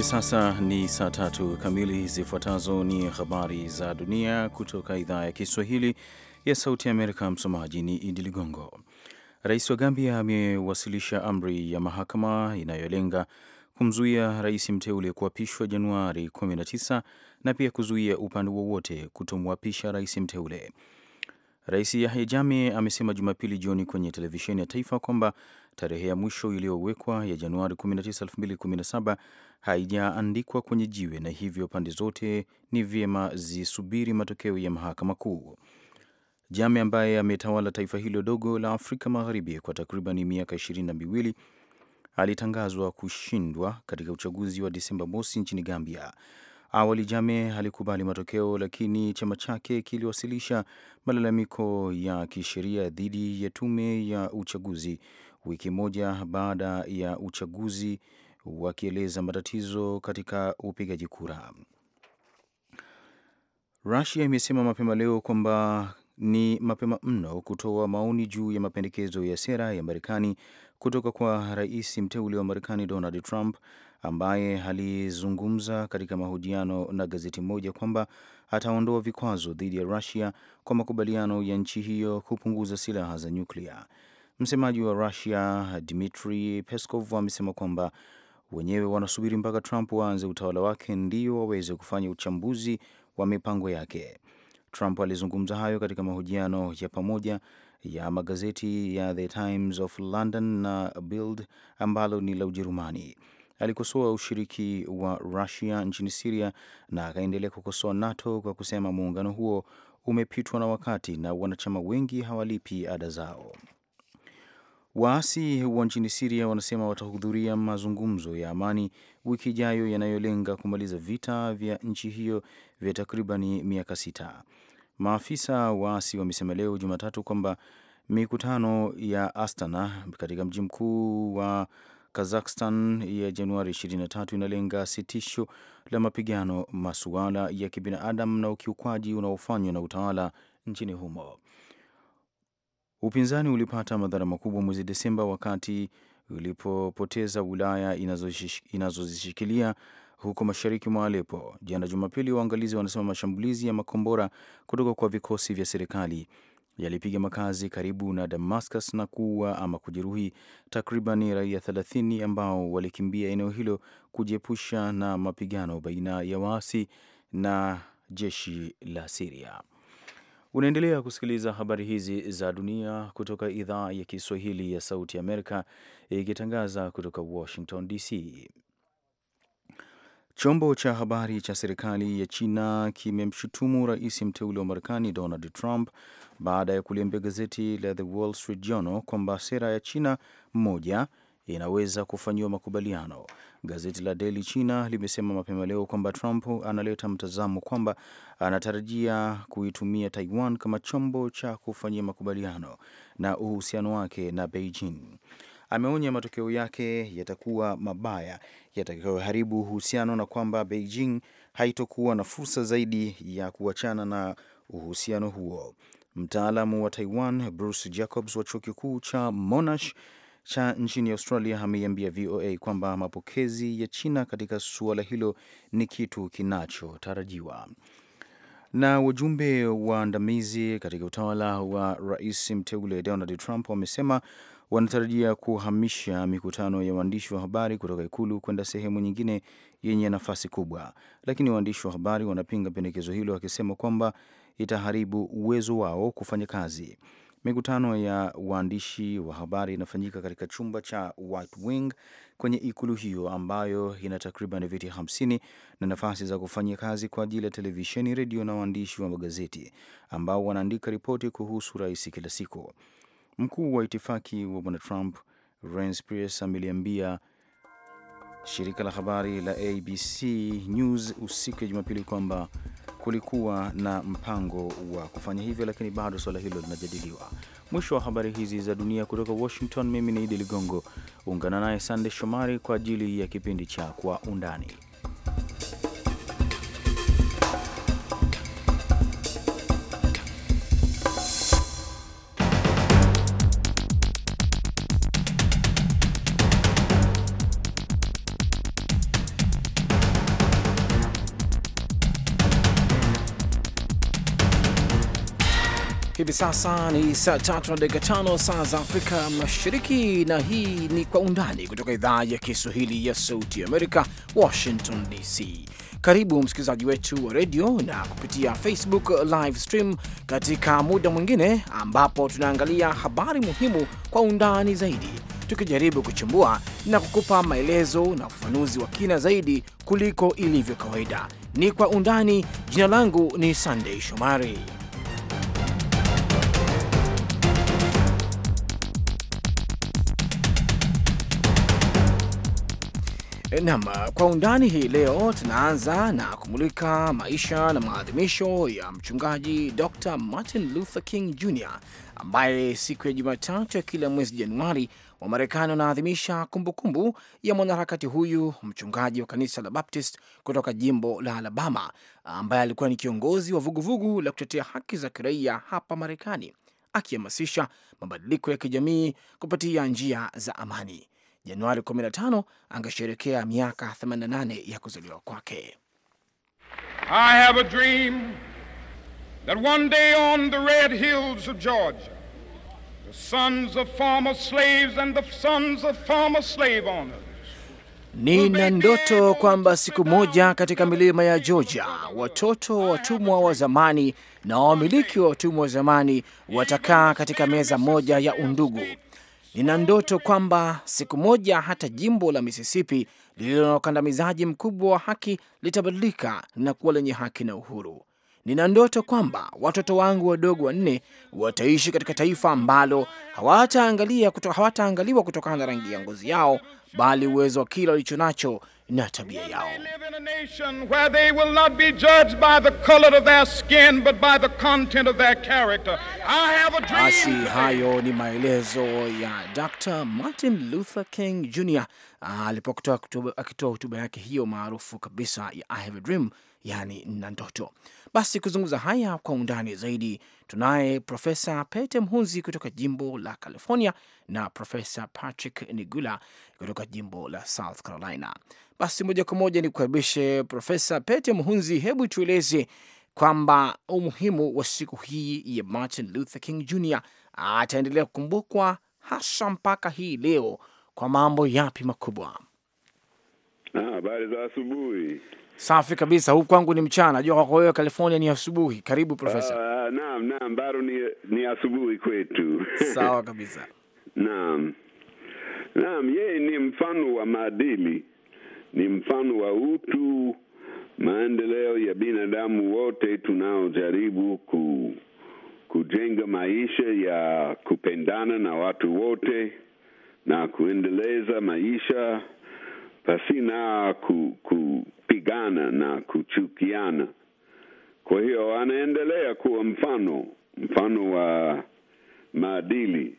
Hivi sasa ni saa tatu kamili. Zifuatazo ni habari za dunia kutoka idhaa ya Kiswahili ya Sauti ya Amerika. Msomaji ni Idi Ligongo. Rais wa Gambia amewasilisha amri ya mahakama inayolenga kumzuia rais mteule kuapishwa Januari 19 na pia kuzuia upande wowote kutomwapisha rais mteule. Rais Yahya Jammeh amesema Jumapili jioni kwenye televisheni ya taifa kwamba Tarehe ya mwisho iliyowekwa ya Januari 19, 2017 haijaandikwa kwenye jiwe na hivyo pande zote ni vyema zisubiri matokeo ya mahakama kuu. Jame ambaye ametawala taifa hilo dogo la Afrika Magharibi kwa takriban miaka ishirini na miwili alitangazwa kushindwa katika uchaguzi wa Disemba mosi nchini Gambia. Awali Jame alikubali matokeo, lakini chama chake kiliwasilisha malalamiko ya kisheria dhidi ya tume ya uchaguzi wiki moja baada ya uchaguzi wakieleza matatizo katika upigaji kura. Rusia imesema mapema leo kwamba ni mapema mno kutoa maoni juu ya mapendekezo ya sera ya Marekani kutoka kwa rais mteule wa Marekani Donald Trump ambaye alizungumza katika mahojiano na gazeti moja kwamba ataondoa vikwazo dhidi ya Rusia kwa makubaliano ya nchi hiyo kupunguza silaha za nyuklia. Msemaji wa Rusia Dmitri Peskov amesema kwamba wenyewe wanasubiri mpaka Trump waanze utawala wake ndio waweze kufanya uchambuzi wa mipango yake. Trump alizungumza hayo katika mahojiano ya pamoja ya magazeti ya The Times of London na Bild ambalo ni la Ujerumani. Alikosoa ushiriki wa Rusia nchini Siria na akaendelea kukosoa NATO kwa kusema muungano huo umepitwa na wakati na wanachama wengi hawalipi ada zao. Waasi wa nchini Siria wanasema watahudhuria mazungumzo ya amani wiki ijayo yanayolenga kumaliza vita vya nchi hiyo vya takribani miaka sita. Maafisa waasi wamesema leo Jumatatu kwamba mikutano ya Astana katika mji mkuu wa Kazakhstan ya Januari 23 inalenga sitisho la mapigano, masuala ya kibinadamu na ukiukwaji unaofanywa na utawala nchini humo. Upinzani ulipata madhara makubwa mwezi Desemba wakati ulipopoteza wilaya inazozishikilia huko mashariki mwa Alepo. Jana Jumapili, waangalizi wanasema mashambulizi ya makombora kutoka kwa vikosi vya serikali yalipiga makazi karibu na Damascus na kuua ama kujeruhi takriban raia 30 ambao walikimbia eneo hilo kujiepusha na mapigano baina ya waasi na jeshi la Siria. Unaendelea kusikiliza habari hizi za dunia kutoka idhaa ya Kiswahili ya Sauti Amerika ikitangaza kutoka Washington DC. Chombo cha habari cha serikali ya China kimemshutumu rais mteule wa Marekani Donald Trump baada ya kuliambia gazeti la The Wall Street Journal kwamba sera ya China moja inaweza kufanyiwa makubaliano. Gazeti la Daily China limesema mapema leo kwamba Trump analeta mtazamo kwamba anatarajia kuitumia Taiwan kama chombo cha kufanyia makubaliano na uhusiano wake na Beijing. Ameonya matokeo yake yatakuwa mabaya yatakayoharibu uhusiano na kwamba Beijing haitokuwa na fursa zaidi ya kuachana na uhusiano huo. Mtaalamu wa Taiwan Bruce Jacobs wa chuo kikuu cha Monash cha nchini Australia ameiambia VOA kwamba mapokezi ya China katika suala hilo ni kitu kinachotarajiwa. Na wajumbe waandamizi katika utawala wa rais mteule Donald Trump wamesema wanatarajia kuhamisha mikutano ya waandishi wa habari kutoka ikulu kwenda sehemu nyingine yenye nafasi kubwa, lakini waandishi wa habari wanapinga pendekezo hilo, wakisema kwamba itaharibu uwezo wao kufanya kazi. Mikutano ya waandishi wa habari inafanyika katika chumba cha White Wing kwenye ikulu hiyo ambayo ina takriban viti 50 na nafasi za kufanyia kazi kwa ajili ya televisheni, redio na waandishi wa magazeti ambao wanaandika ripoti kuhusu rais kila siku. Mkuu wa itifaki wa bwana Trump, Reince Priebus, ameliambia shirika la habari la ABC News usiku ya Jumapili kwamba kulikuwa na mpango wa kufanya hivyo, lakini bado suala hilo linajadiliwa. Mwisho wa habari hizi za dunia kutoka Washington, mimi ni Idi Ligongo. Ungana naye Sande Shomari kwa ajili ya kipindi cha Kwa Undani. hivi sasa ni saa tatu na dakika tano saa za Afrika Mashariki, na hii ni Kwa Undani kutoka idhaa ya Kiswahili ya Sauti Amerika, Washington DC. Karibu msikilizaji wetu wa redio na kupitia Facebook live stream katika muda mwingine ambapo tunaangalia habari muhimu kwa undani zaidi, tukijaribu kuchimbua na kukupa maelezo na ufafanuzi wa kina zaidi kuliko ilivyo kawaida. Ni Kwa Undani. Jina langu ni Sandei Shomari. nam kwa undani hii leo tunaanza na kumulika maisha na maadhimisho ya mchungaji Dr. Martin Luther King Jr. ambaye siku ya Jumatatu ya kila mwezi Januari wa Marekani wanaadhimisha kumbukumbu ya mwanaharakati huyu mchungaji wa kanisa la Baptist kutoka jimbo la Alabama ambaye alikuwa ni kiongozi wa vuguvugu vugu la kutetea haki za kiraia hapa Marekani, akihamasisha mabadiliko ya kijamii kupitia njia za amani. Januari 15 angesherekea miaka 88 ya kuzaliwa kwake. I have a dream that one day on the red hills of Georgia the sons of former slaves and the sons of former slave owners Nina ndoto kwamba siku moja katika milima ya Georgia watoto wa watumwa wa zamani na wamiliki wa watumwa wa zamani watakaa katika meza moja ya undugu nina ndoto kwamba siku moja hata jimbo la Mississippi lililo na ukandamizaji mkubwa wa haki litabadilika na kuwa lenye haki na uhuru. Nina ndoto kwamba watoto wangu wadogo wanne wataishi katika taifa ambalo hawataangaliwa kuto, hawataangaliwa kutokana na rangi ya ngozi yao, bali uwezo wa kila walicho nacho na tabia yao. Basi hayo ni maelezo ya Dr. Martin Luther King Jr. Ah, alipokuwa akitoa hotuba yake hiyo maarufu kabisa ya I Have a Dream, yani na ndoto. Basi kuzungumza haya kwa undani zaidi, tunaye Profesa Pete Mhunzi kutoka jimbo la California na Profesa Patrick Nigula kutoka jimbo la South Carolina. Basi moja kwa moja ni kukaribishe Profesa Pete Mhunzi, hebu tueleze kwamba umuhimu wa siku hii ya Martin Luther King Jr ataendelea kukumbukwa hasa mpaka hii leo kwa mambo yapi makubwa? Ah, habari za asubuhi. Safi kabisa, huku kwangu ni mchana, jua kwako wewe California ni asubuhi. Karibu profesa. Uh, naam, naam, bado ni, ni asubuhi kwetu. Sawa kabisa. Naam, naam, yeye ni mfano wa maadili, ni mfano wa utu, maendeleo ya binadamu wote tunaojaribu ku, kujenga maisha ya kupendana na watu wote na kuendeleza maisha pasina ku, kupigana na kuchukiana. Kwa hiyo anaendelea kuwa mfano mfano wa maadili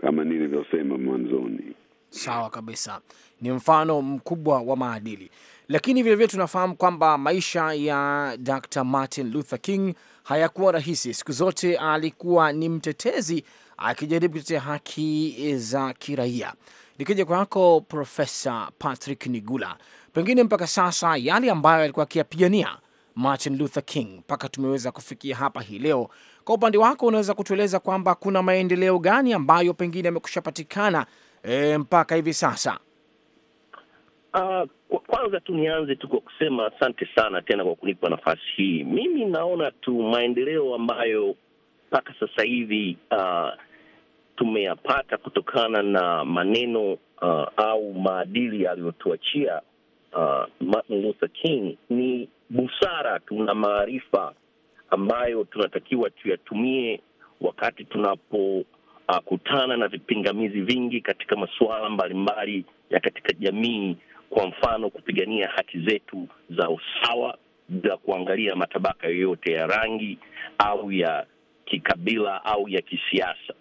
kama nilivyosema mwanzoni. Sawa kabisa, ni mfano mkubwa wa maadili, lakini vilevile tunafahamu kwamba maisha ya Dr. Martin Luther King hayakuwa rahisi. Siku zote alikuwa ni mtetezi, akijaribu kutetea haki za kiraia. Nikija kwako Profesa Patrick Nigula, pengine mpaka sasa yale ambayo alikuwa akiyapigania Martin Luther King mpaka tumeweza kufikia hapa hii leo, kwa upande wako unaweza kutueleza kwamba kuna maendeleo gani ambayo pengine patikana e, mpaka hivi sasa? Uh, kwanza tu nianze tu kwa kusema asante sana tena kwa kunipa nafasi hii. Mimi naona tu maendeleo ambayo mpaka sasa hivi uh, tumeyapata kutokana na maneno uh, au maadili aliyotuachia uh, Martin Luther King ni busara tu na maarifa ambayo tunatakiwa tuyatumie wakati tunapokutana uh, na vipingamizi vingi katika masuala mbalimbali ya katika jamii, kwa mfano kupigania haki zetu za usawa bila kuangalia matabaka yoyote ya rangi au ya kikabila au ya kisiasa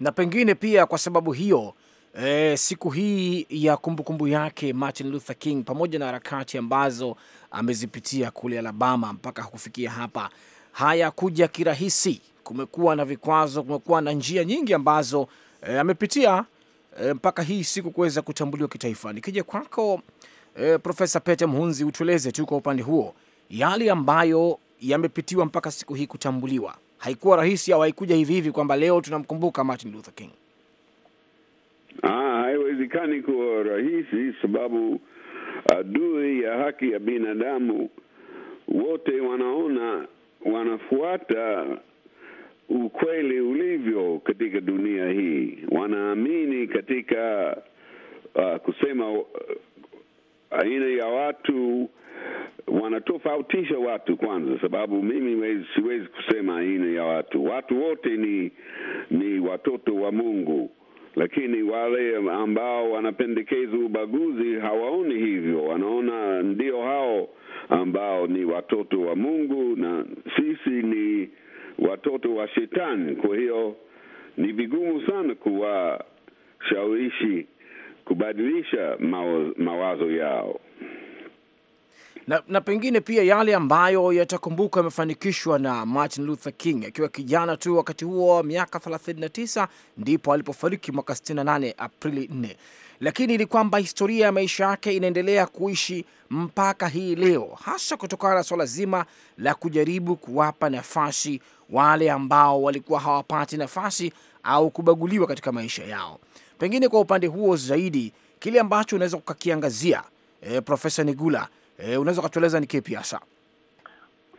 na pengine pia kwa sababu hiyo e, siku hii ya kumbukumbu yake Martin Luther King pamoja na harakati ambazo amezipitia kule Alabama mpaka kufikia hapa, hayakuja kirahisi. Kumekuwa na vikwazo, kumekuwa na njia nyingi ambazo e, amepitia e, mpaka hii siku kuweza kutambuliwa kitaifa. Nikija kwako e, Profesa Pete Mhunzi, utueleze tu kwa upande huo yale ambayo yamepitiwa mpaka siku hii kutambuliwa haikuwa rahisi au haikuja hivi hivi kwamba leo tunamkumbuka Martin Luther King? Ah, haiwezekani kuwa rahisi, sababu adui ya haki ya binadamu wote wanaona wanafuata ukweli ulivyo katika dunia hii, wanaamini katika uh, kusema ah, aina ya watu wanatofautisha watu kwanza, sababu mimi siwezi kusema aina ya watu. Watu wote ni ni watoto wa Mungu, lakini wale ambao wanapendekeza ubaguzi hawaoni hivyo, wanaona ndio hao ambao ni watoto wa Mungu na sisi ni watoto wa Shetani. Kwa hiyo ni vigumu sana kuwashawishi kubadilisha mawazo yao na, na pengine pia yale ambayo yatakumbuka yamefanikishwa na Martin Luther King akiwa kijana tu wakati huo wa miaka 39 ndipo alipofariki mwaka 68 Aprili 4, lakini ni kwamba historia ya maisha yake inaendelea kuishi mpaka hii leo, hasa kutokana na swala zima la kujaribu kuwapa nafasi wale ambao walikuwa hawapati nafasi au kubaguliwa katika maisha yao. Pengine kwa upande huo zaidi, kile ambacho unaweza kukakiangazia, eh, Profesa Nigula E, unaweza ukatueleza ni kipi hasa?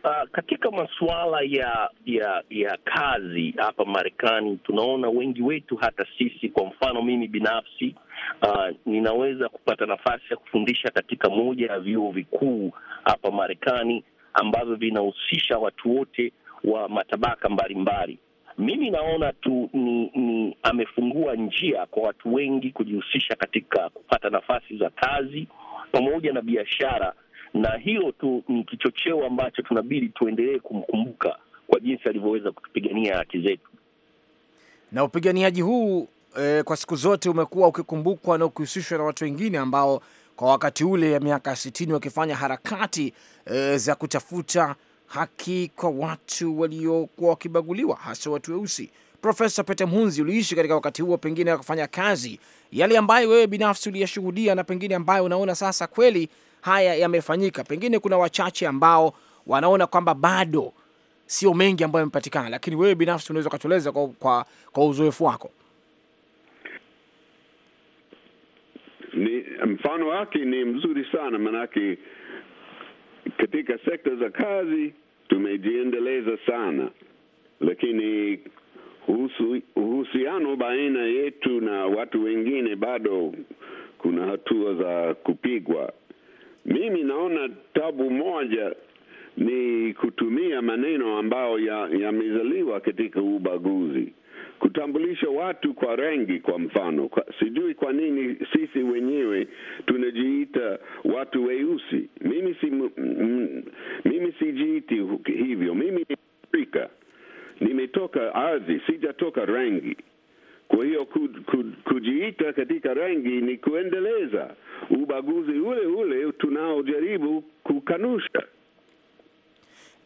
Uh, katika masuala ya ya ya kazi hapa Marekani tunaona wengi wetu, hata sisi. Kwa mfano mimi binafsi uh, ninaweza kupata nafasi ya kufundisha katika moja ya vyuo vikuu hapa Marekani ambavyo vinahusisha watu wote wa matabaka mbalimbali. Mimi naona tu ni, ni amefungua njia kwa watu wengi kujihusisha katika kupata nafasi za kazi pamoja na biashara na hiyo tu ni kichocheo ambacho tunabidi tuendelee kumkumbuka kwa jinsi alivyoweza kutupigania haki zetu. Na upiganiaji huu e, kwa siku zote umekuwa ukikumbukwa na ukihusishwa na watu wengine ambao kwa wakati ule ya miaka sitini wakifanya harakati e, za kutafuta haki kwa watu waliokuwa wakibaguliwa hasa watu weusi. Profesa Pete Mhunzi, uliishi katika wakati huo, pengine akufanya kazi yale ambayo wewe binafsi uliyashuhudia na pengine ambayo unaona sasa kweli haya yamefanyika. Pengine kuna wachache ambao wanaona kwamba bado sio mengi ambayo yamepatikana, lakini wewe binafsi unaweza ukatueleza kwa, kwa, kwa uzoefu wako. Ni mfano wake ni mzuri sana, maanake katika sekta za kazi tumejiendeleza sana, lakini uhusiano baina yetu na watu wengine bado kuna hatua za kupigwa. Mimi naona tabu moja ni kutumia maneno ambayo yamezaliwa ya katika ubaguzi, kutambulisha watu kwa rangi. Kwa mfano kwa, sijui kwa nini sisi wenyewe tunajiita watu weusi. Mimi si, mimi sijiiti hivyo. Mimi ni Afrika, nimetoka ardhi, sijatoka rangi. Kwa hiyo kujiita katika rangi ni kuendeleza ubaguzi ule ule tunaojaribu kukanusha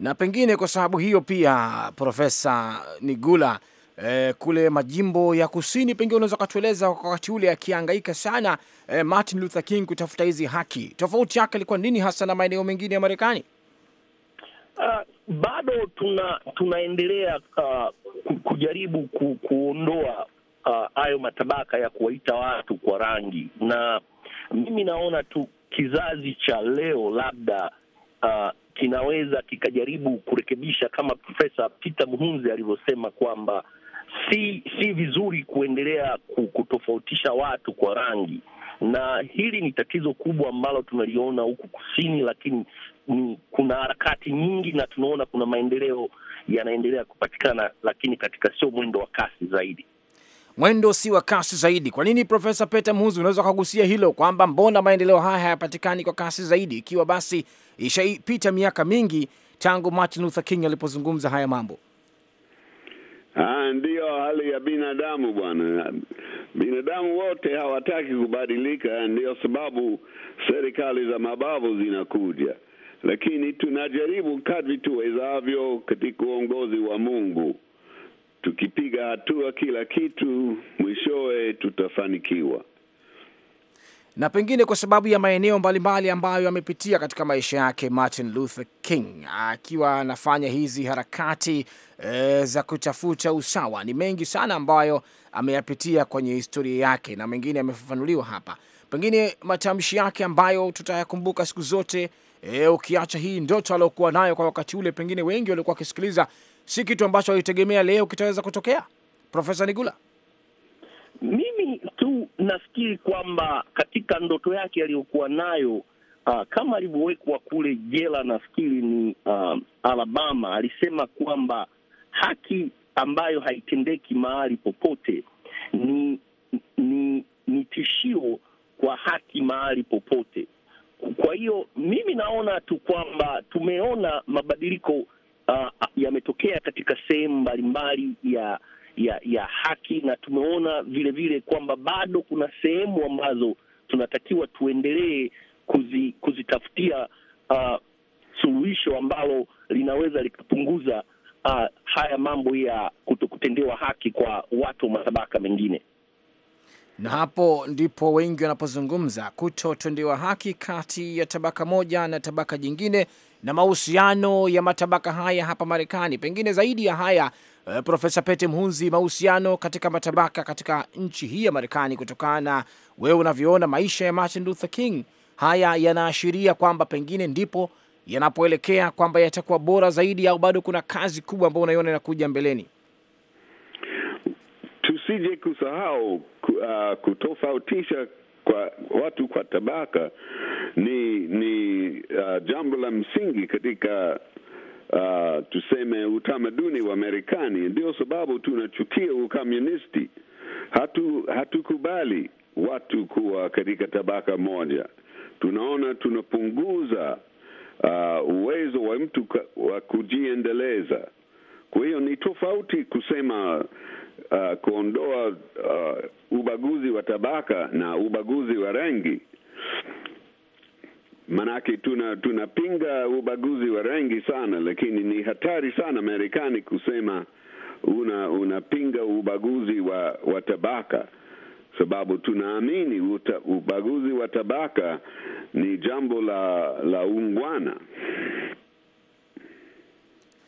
na pengine kwa sababu hiyo pia, Profesa Nigula, eh, kule majimbo ya kusini, pengine unaweza ukatueleza kwa wakati ule akihangaika sana eh, Martin Luther King kutafuta hizi haki, tofauti yake ilikuwa nini hasa na maeneo mengine ya Marekani? Uh, bado tuna, tunaendelea uh, kujaribu ku, kuondoa hayo uh, matabaka ya kuwaita watu kwa rangi, na mimi naona tu kizazi cha leo labda uh, kinaweza kikajaribu kurekebisha kama Profesa Peter Muhunzi alivyosema kwamba si si vizuri kuendelea kutofautisha watu kwa rangi, na hili ni tatizo kubwa ambalo tunaliona huku kusini, lakini ni, kuna harakati nyingi na tunaona kuna maendeleo yanaendelea kupatikana, lakini katika sio mwendo wa kasi zaidi mwendo si wa kasi zaidi. Kwa nini, Profesa Peter mhuzi unaweza ukagusia hilo kwamba mbona maendeleo haya hayapatikani kwa kasi zaidi, ikiwa basi ishaipita miaka mingi tangu Martin Luther King alipozungumza haya mambo? Ah, ndiyo hali ya binadamu bwana. Binadamu wote hawataki kubadilika, ndiyo sababu serikali za mabavu zinakuja, lakini tunajaribu kadri tuwezavyo katika uongozi wa Mungu tukipiga hatua kila kitu, mwishowe tutafanikiwa. Na pengine kwa sababu ya maeneo mbalimbali ambayo amepitia katika maisha yake Martin Luther King akiwa anafanya hizi harakati e, za kutafuta usawa, ni mengi sana ambayo ameyapitia kwenye historia yake na mengine yamefafanuliwa hapa, pengine matamshi yake ambayo tutayakumbuka siku zote. E, ukiacha hii ndoto aliokuwa nayo kwa wakati ule, pengine wengi waliokuwa wakisikiliza si kitu ambacho walitegemea leo kitaweza kutokea. Profesa Nigula, mimi tu nafikiri kwamba katika ndoto yake aliyokuwa nayo Uh, kama alivyowekwa kule jela nafikiri ni uh, Alabama, alisema kwamba haki ambayo haitendeki mahali popote ni ni ni tishio kwa haki mahali popote. Kwa hiyo mimi naona tu kwamba tumeona mabadiliko uh, yametokea katika sehemu mbalimbali ya ya ya haki, na tumeona vile vile kwamba bado kuna sehemu ambazo tunatakiwa tuendelee kuzi, kuzitafutia uh, suluhisho ambalo linaweza likapunguza uh, haya mambo ya kutokutendewa haki kwa watu wa matabaka mengine. Na hapo ndipo wengi wanapozungumza kutotendewa haki kati ya tabaka moja na tabaka jingine na mahusiano ya matabaka haya hapa Marekani. Pengine zaidi ya haya, uh, Profesa Pete Mhunzi, mahusiano katika matabaka katika nchi hii ya Marekani, kutokana na wewe unavyoona maisha ya Martin Luther King, haya yanaashiria kwamba pengine ndipo yanapoelekea kwamba yatakuwa bora zaidi, au bado kuna kazi kubwa ambayo unaiona inakuja mbeleni? tusije kusahau uh, kutofautisha kwa watu kwa tabaka ni ni uh, jambo la msingi katika uh, tuseme utamaduni wa Marekani. Ndio sababu tunachukia ukomunisti. Hatu hatukubali watu kuwa katika tabaka moja. Tunaona tunapunguza uh, uwezo wa mtu wa kujiendeleza. Kwa hiyo ni tofauti kusema uh, kuondoa uh, ubaguzi wa tabaka na ubaguzi wa rangi. Manake tuna tunapinga ubaguzi wa rangi sana, lakini ni hatari sana Marekani kusema una unapinga ubaguzi wa, wa tabaka sababu tunaamini uta, ubaguzi wa tabaka ni jambo la, la ungwana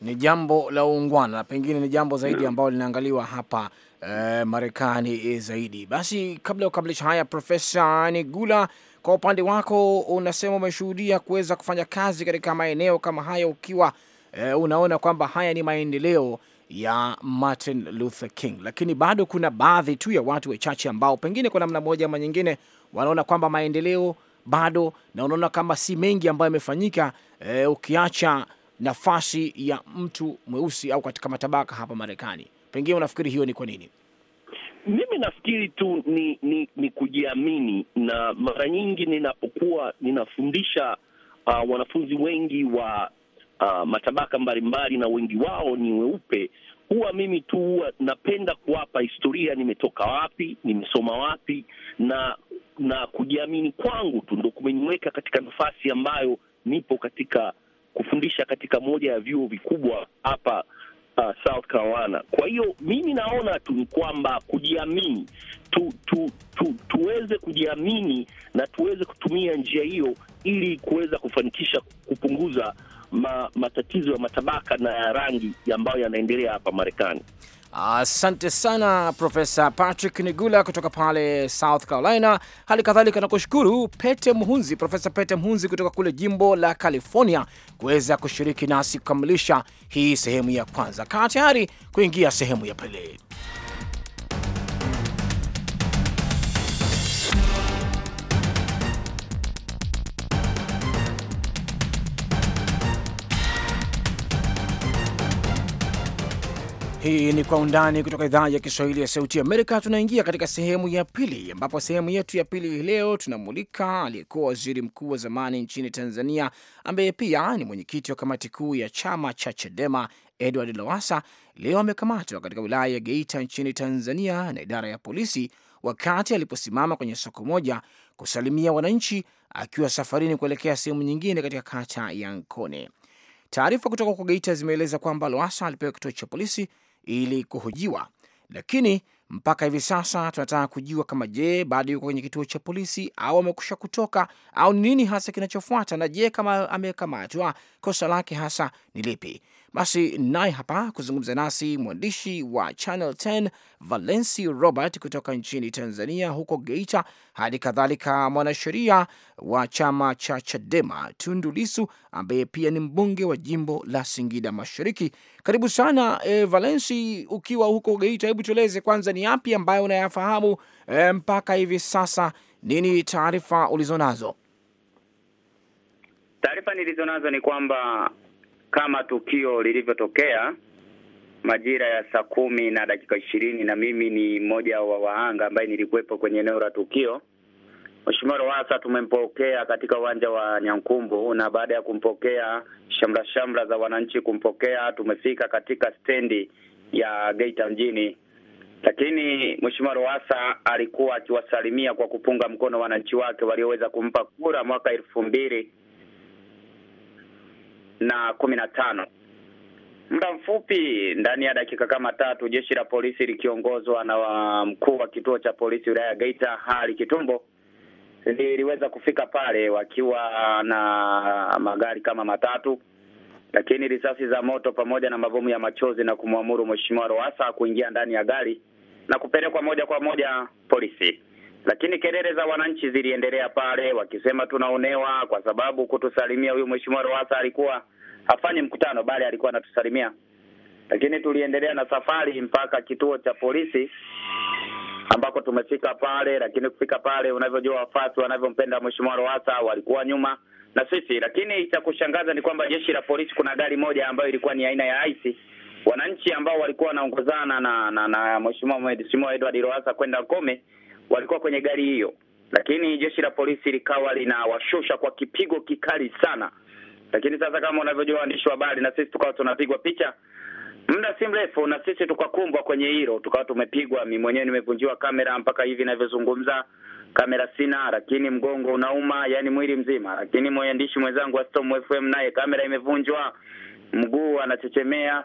ni jambo la uungwana na pengine ni jambo zaidi ambalo linaangaliwa hapa eh, Marekani eh, zaidi. Basi kabla ya kukamilisha haya, Profesa Nigula, kwa upande wako unasema umeshuhudia kuweza kufanya kazi katika maeneo kama haya ukiwa eh, unaona kwamba haya ni maendeleo ya Martin Luther King, lakini bado kuna baadhi tu ya watu wachache ambao pengine kwa namna moja ama nyingine wanaona kwamba maendeleo bado na unaona kama si mengi ambayo yamefanyika, eh, ukiacha nafasi ya mtu mweusi au katika matabaka hapa Marekani. Pengine unafikiri hiyo ni kwa nini? Mimi nafikiri tu ni ni, ni kujiamini, na mara nyingi ninapokuwa ninafundisha uh, wanafunzi wengi wa uh, matabaka mbalimbali na wengi wao ni weupe, huwa mimi tu huwa napenda kuwapa historia, nimetoka wapi, nimesoma wapi, na na kujiamini kwangu tu ndo kumeniweka katika nafasi ambayo nipo katika kufundisha katika moja ya vyuo vikubwa hapa uh, South Carolina. Kwa hiyo mimi naona tu ni kwamba kujiamini tu, tu, tu, tuweze kujiamini na tuweze kutumia njia hiyo ili kuweza kufanikisha kupunguza ma, matatizo ya matabaka na ya rangi ambayo yanaendelea hapa Marekani. Asante sana Profesa Patrick Nigula kutoka pale South Carolina. Hali kadhalika nakushukuru Pete Mhunzi, Profesa Pete Mhunzi kutoka kule jimbo la California kuweza kushiriki nasi kukamilisha hii sehemu ya kwanza. Kaa tayari kuingia sehemu ya pili. Hii ni Kwa Undani kutoka idhaa ya Kiswahili ya Sauti Amerika. Tunaingia katika sehemu ya pili, ambapo sehemu yetu ya pili hii leo tunamulika aliyekuwa waziri mkuu wa zamani nchini Tanzania, ambaye pia ni mwenyekiti wa kamati kuu ya chama cha CHADEMA Edward Lowasa. leo amekamatwa katika wilaya ya Geita nchini Tanzania na idara ya polisi wakati aliposimama kwenye soko moja kusalimia wananchi akiwa safarini kuelekea sehemu nyingine katika kata ya Nkone. Taarifa kutoka kwa Geita zimeeleza kwamba loasa alipewa kituo cha polisi ili kuhojiwa, lakini mpaka hivi sasa tunataka kujua kama je, bado yuko kwenye kituo cha polisi au amekusha kutoka au nini hasa kinachofuata, na je, kama amekamatwa kosa lake hasa ni lipi? Basi naye hapa kuzungumza nasi mwandishi wa Channel 10 Valensi Robert kutoka nchini Tanzania, huko Geita, hadi kadhalika mwanasheria wa chama cha Chadema Tundu Lisu ambaye pia ni mbunge wa jimbo la Singida Mashariki. Karibu sana e, Valensi, ukiwa huko Geita, hebu tueleze kwanza ni yapi ambayo unayafahamu e, mpaka hivi sasa, nini taarifa ulizonazo? Taarifa nilizonazo ni kwamba kama tukio lilivyotokea majira ya saa kumi na dakika ishirini na mimi ni mmoja wa wahanga ambaye nilikuwepo kwenye eneo la tukio. Mheshimiwa Rowasa tumempokea katika uwanja wa Nyankumbu, na baada ya kumpokea, shamra shamra za wananchi kumpokea, tumefika katika stendi ya Geita mjini, lakini Mheshimiwa Rowasa alikuwa akiwasalimia kwa kupunga mkono wananchi wake walioweza kumpa kura mwaka elfu mbili na kumi na tano. Muda mfupi ndani ya dakika kama tatu, jeshi la polisi likiongozwa na mkuu wa kituo cha polisi wilaya ya Geita hali Kitumbo liliweza kufika pale wakiwa na magari kama matatu, lakini risasi za moto pamoja na mabomu ya machozi na kumwamuru Mheshimiwa roasa kuingia ndani ya gari na kupelekwa moja kwa moja polisi. Lakini kelele za wananchi ziliendelea pale, wakisema tunaonewa kwa sababu kutusalimia huyu mheshimiwa Lowassa alikuwa hafanyi mkutano, bali alikuwa anatusalimia. Lakini tuliendelea na safari mpaka kituo cha polisi ambako tumefika pale. Lakini kufika pale, unavyojua wafasi wanavyompenda mheshimiwa Lowassa walikuwa nyuma na sisi. Lakini cha kushangaza ni kwamba jeshi la polisi, kuna gari moja ambayo ilikuwa ni aina ya aisi wananchi ambao walikuwa wanaongozana na na, na mheshimiwa mheshimiwa Edward kwenda Kome walikuwa kwenye gari hiyo, lakini jeshi la polisi likawa linawashusha kwa kipigo kikali sana. Lakini sasa, kama unavyojua waandishi wa habari, na sisi tukawa tunapigwa picha muda si mrefu, na sisi tukakumbwa kwenye hilo, tukawa tumepigwa. Mi mwenyewe nimevunjiwa kamera, mpaka hivi inavyozungumza kamera sina, lakini mgongo unauma, yani mwili mzima. Lakini mwandishi mwenzangu wa Storm FM naye kamera imevunjwa, mguu anachechemea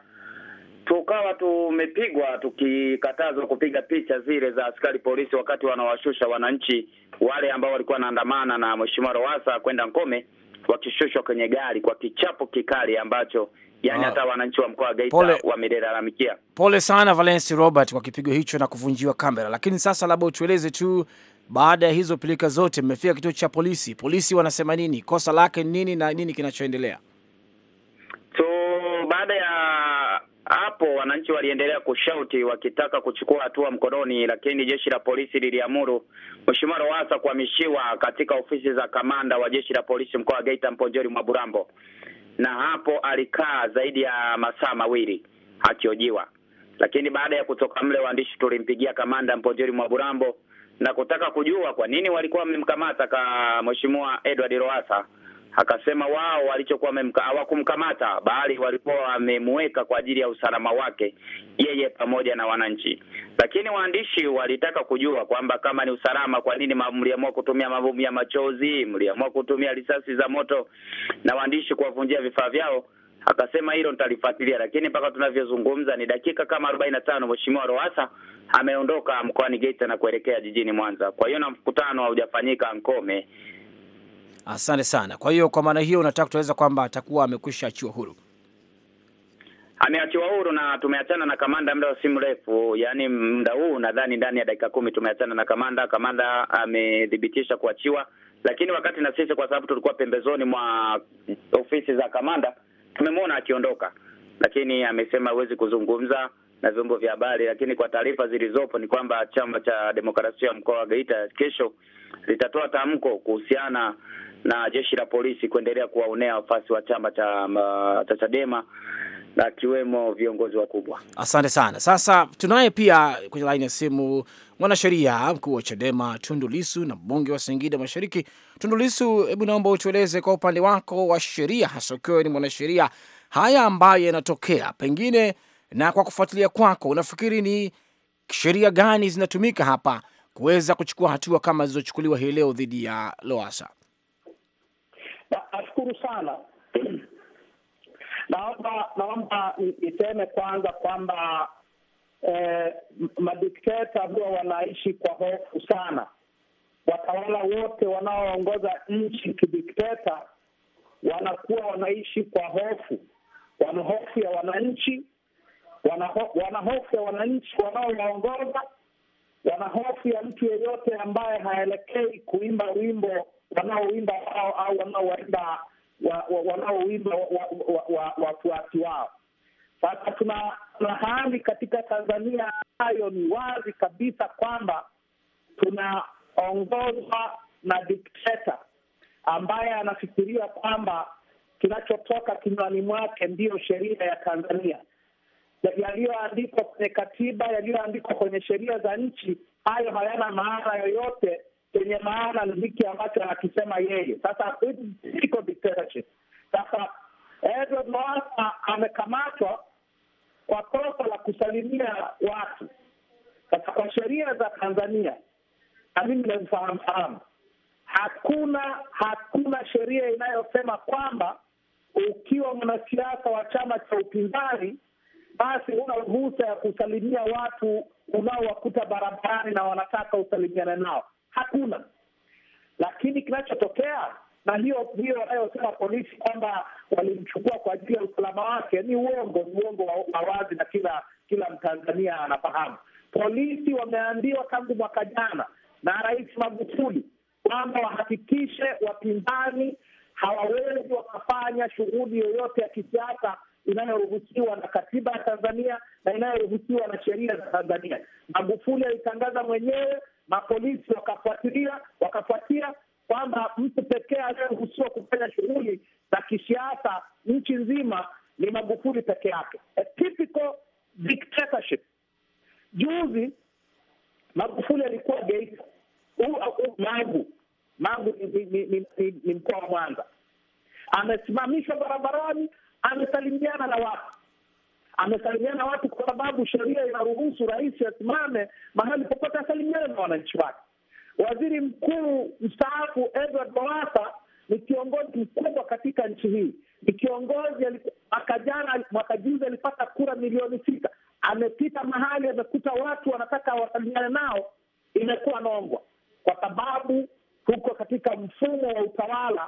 tukawa tumepigwa tukikatazwa kupiga picha zile za askari polisi wakati wanawashusha wananchi wale ambao walikuwa wanaandamana na mheshimiwa Rowasa kwenda Nkome, wakishushwa kwenye gari kwa kichapo kikali ambacho yani ah. hata wananchi wa mkoa wa Geita wamelalamikia. Pole sana Valence Robert kwa kipigo hicho na kuvunjiwa kamera. Lakini sasa labda utueleze tu, baada ya hizo pilika zote, mmefika kituo cha polisi, polisi wanasema nini? Kosa lake nini na nini kinachoendelea? ambapo wananchi waliendelea kushauti wakitaka kuchukua hatua mkononi, lakini jeshi la polisi liliamuru Mheshimiwa Lowassa kuhamishiwa katika ofisi za kamanda wa jeshi la polisi mkoa wa Geita, Mponjori mwa Burambo, na hapo alikaa zaidi ya masaa mawili akiojiwa Lakini baada ya kutoka mle, waandishi tulimpigia kamanda Mponjori mwa Burambo na kutaka kujua kwa nini walikuwa wamemkamata ka Mheshimiwa Edward Lowassa akasema wao walichokuwa hawakumkamata bali walikuwa wamemweka kwa ajili ya usalama wake yeye pamoja na wananchi. Lakini waandishi walitaka kujua kwamba kama ni usalama, kwa nini mliamua kutumia mabomu ya machozi, mliamua kutumia risasi za moto na waandishi kuwavunjia vifaa vyao? Akasema hilo nitalifuatilia, lakini mpaka tunavyozungumza ni dakika kama arobaini na tano mweshimiwa Roasa ameondoka mkoani Geita na kuelekea jijini Mwanza. Kwa hiyo na mkutano haujafanyika Nkome Asante sana. Kwa hiyo kwa maana hiyo unataka kutueleza kwamba atakuwa amekwisha achiwa huru? Ameachiwa huru na tumeachana na kamanda muda si mrefu, yaani muda huu nadhani ndani ya dakika kumi tumeachana na kamanda. Kamanda amethibitisha kuachiwa, lakini wakati na sisi, kwa sababu tulikuwa pembezoni mwa ofisi za kamanda, tumemwona akiondoka, lakini amesema hawezi kuzungumza na vyombo vya habari, lakini kwa taarifa zilizopo ni kwamba chama cha demokrasia mkoa wa Geita kesho litatoa tamko kuhusiana na jeshi la polisi kuendelea kuwaonea wafasi wa chama cha um, uh, Chadema na akiwemo viongozi wakubwa. Asante sana. Sasa tunaye pia kwenye laini ya simu mwanasheria mkuu wa Chadema Tundu Lisu na mbunge wa Singida Mashariki. Tundu Lisu, hebu naomba utueleze kwa upande wako wa sheria, hasa ukiwa ni mwanasheria, haya ambayo yanatokea pengine, na kwa kufuatilia kwako, unafikiri ni sheria gani zinatumika hapa kuweza kuchukua hatua kama zilizochukuliwa hii leo dhidi ya Loasa? Nashukuru sana naomba naomba niseme kwanza kwamba eh, madikteta huwa wanaishi kwa hofu sana. Watawala wote wanaoongoza nchi kidikteta wanakuwa wanaishi kwa hofu, wana hofu ya wananchi, wana hofu ya wananchi wanaowaongoza, wana hofu ya mtu yeyote ambaye haelekei kuimba wimbo wanaoimba wao au wanaowaimba wanaoimba wafuasi wao. Sasa tuna hali katika Tanzania ambayo ni wazi kabisa kwamba tunaongozwa na dikteta ambaye anafikiria kwamba kinachotoka kinywani mwake ndiyo sheria ya Tanzania. Yaliyoandikwa kwenye katiba, yaliyoandikwa kwenye sheria za nchi, hayo hayana maana yoyote chenye maana ni hiki ambacho anakisema yeye. Sasa iko dictatorship. Sasa Edward Lowassa amekamatwa kwa kosa la kusalimia watu. Sasa kwa sheria za Tanzania, na mimi nazifahamu fahamu, hakuna hakuna sheria inayosema kwamba ukiwa mwanasiasa wa chama cha upinzani basi una ruhusa ya kusalimia watu unaowakuta barabarani na wanataka usalimiane nao hakuna. Lakini kinachotokea na hiyo hiyo wanayosema polisi kwamba walimchukua kwa ajili ya usalama wake ni uongo, ni uongo wa wazi, na kila kila Mtanzania anafahamu. Polisi wameambiwa tangu mwaka jana na Rais Magufuli kwamba wahakikishe wapinzani hawawezi wakafanya shughuli yoyote ya kisiasa inayoruhusiwa na katiba ya Tanzania na inayoruhusiwa na sheria za Tanzania. Magufuli alitangaza mwenyewe mapolisi wakafuatilia, wakafuatia kwamba mtu pekee anayeruhusiwa kufanya shughuli za kisiasa nchi nzima ni Magufuli peke yake, a typical dictatorship. Juzi Magufuli alikuwa Geita, Magu. Magu ni, ni, ni, ni, ni mkoa wa Mwanza, amesimamishwa barabarani, amesalimiana na watu amesalimiana watu kwa sababu sheria inaruhusu rais asimame mahali popote asalimiane na wananchi wake. Waziri mkuu mstaafu Edward bowasa ni kiongozi mkubwa katika nchi hii, ni kiongozi mwaka jana, mwaka juzi alipata kura milioni sita. Amepita mahali, amekuta watu wanataka wasalimiane nao, imekuwa nongwa, kwa sababu tuko katika mfumo wa utawala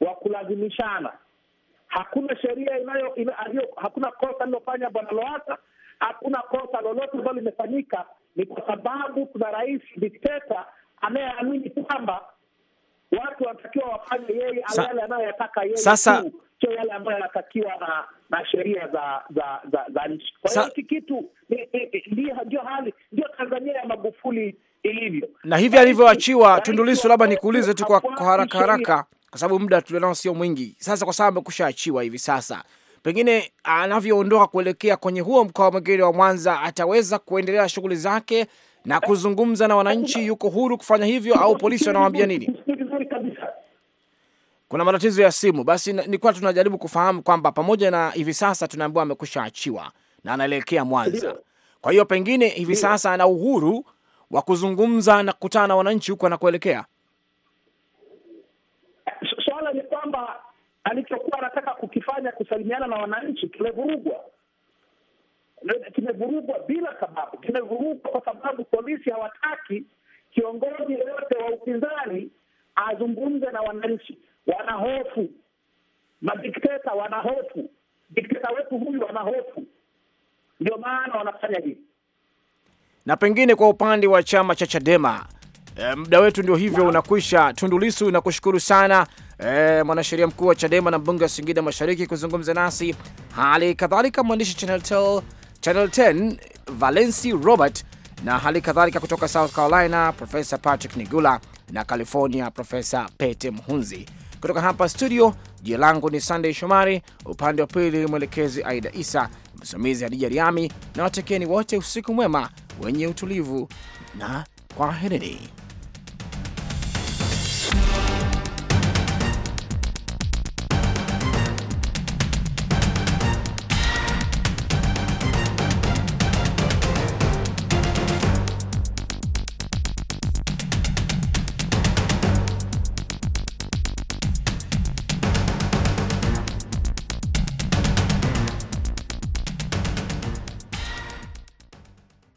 wa kulazimishana. Hakuna sheria inayo, inayo, hakuna kosa lilofanya bwana Loasa, hakuna kosa lolote ambalo limefanyika. Ni kwa sababu kuna rais dikteta anayeamini kwamba watu wanatakiwa wafanye yeye yale anayoyataka yeye sasa sio yale ambayo yanatakiwa na na sheria za za za, za nchi. Kwa hiyo hiki kitu ndio hali ndio Tanzania ya Magufuli ilivyo, na hivi alivyoachiwa tundulisu Labda nikuulize tu kwa haraka haraka kwa sababu muda tulionao sio mwingi. Sasa kwa sababu amekusha-achiwa hivi sasa, pengine anavyoondoka kuelekea kwenye huo mkoa mwingine wa Mwanza, ataweza kuendelea shughuli zake na kuzungumza na wananchi, yuko huru kufanya hivyo, au polisi wanamwambia nini? Kuna matatizo ya simu. Basi nilikuwa tunajaribu kufahamu kwamba pamoja na hivi sasa tunaambiwa amekwisha achiwa na anaelekea Mwanza, kwa hiyo pengine hivi sasa ana uhuru wa kuzungumza na kukutana na wananchi huko anakoelekea. alichokuwa anataka kukifanya, kusalimiana na wananchi, kimevurugwa kimevurugwa bila sababu, kimevurugwa kwa sababu polisi hawataki kiongozi yoyote wa upinzani azungumze na wananchi. Wanahofu madikteta, wanahofu dikteta wetu huyu, wanahofu ndio maana wanafanya hivi. Na pengine kwa upande wa chama cha Chadema, e, muda wetu ndio hivyo unakwisha. Tundulisu, nakushukuru sana e, mwanasheria mkuu wa Chadema na mbunge wa Singida Mashariki kuzungumza nasi, hali kadhalika mwandishi Channel 10, Channel 10 Valency Robert na hali kadhalika kutoka South Carolina Profesa Patrick Nigula na California Profesa Pete Mhunzi. Kutoka hapa studio, jina langu ni Sunday Shomari, upande wa pili mwelekezi Aida Isa, msimamizi Hadija Riami na watekeni wote, usiku mwema wenye utulivu na kwaherini.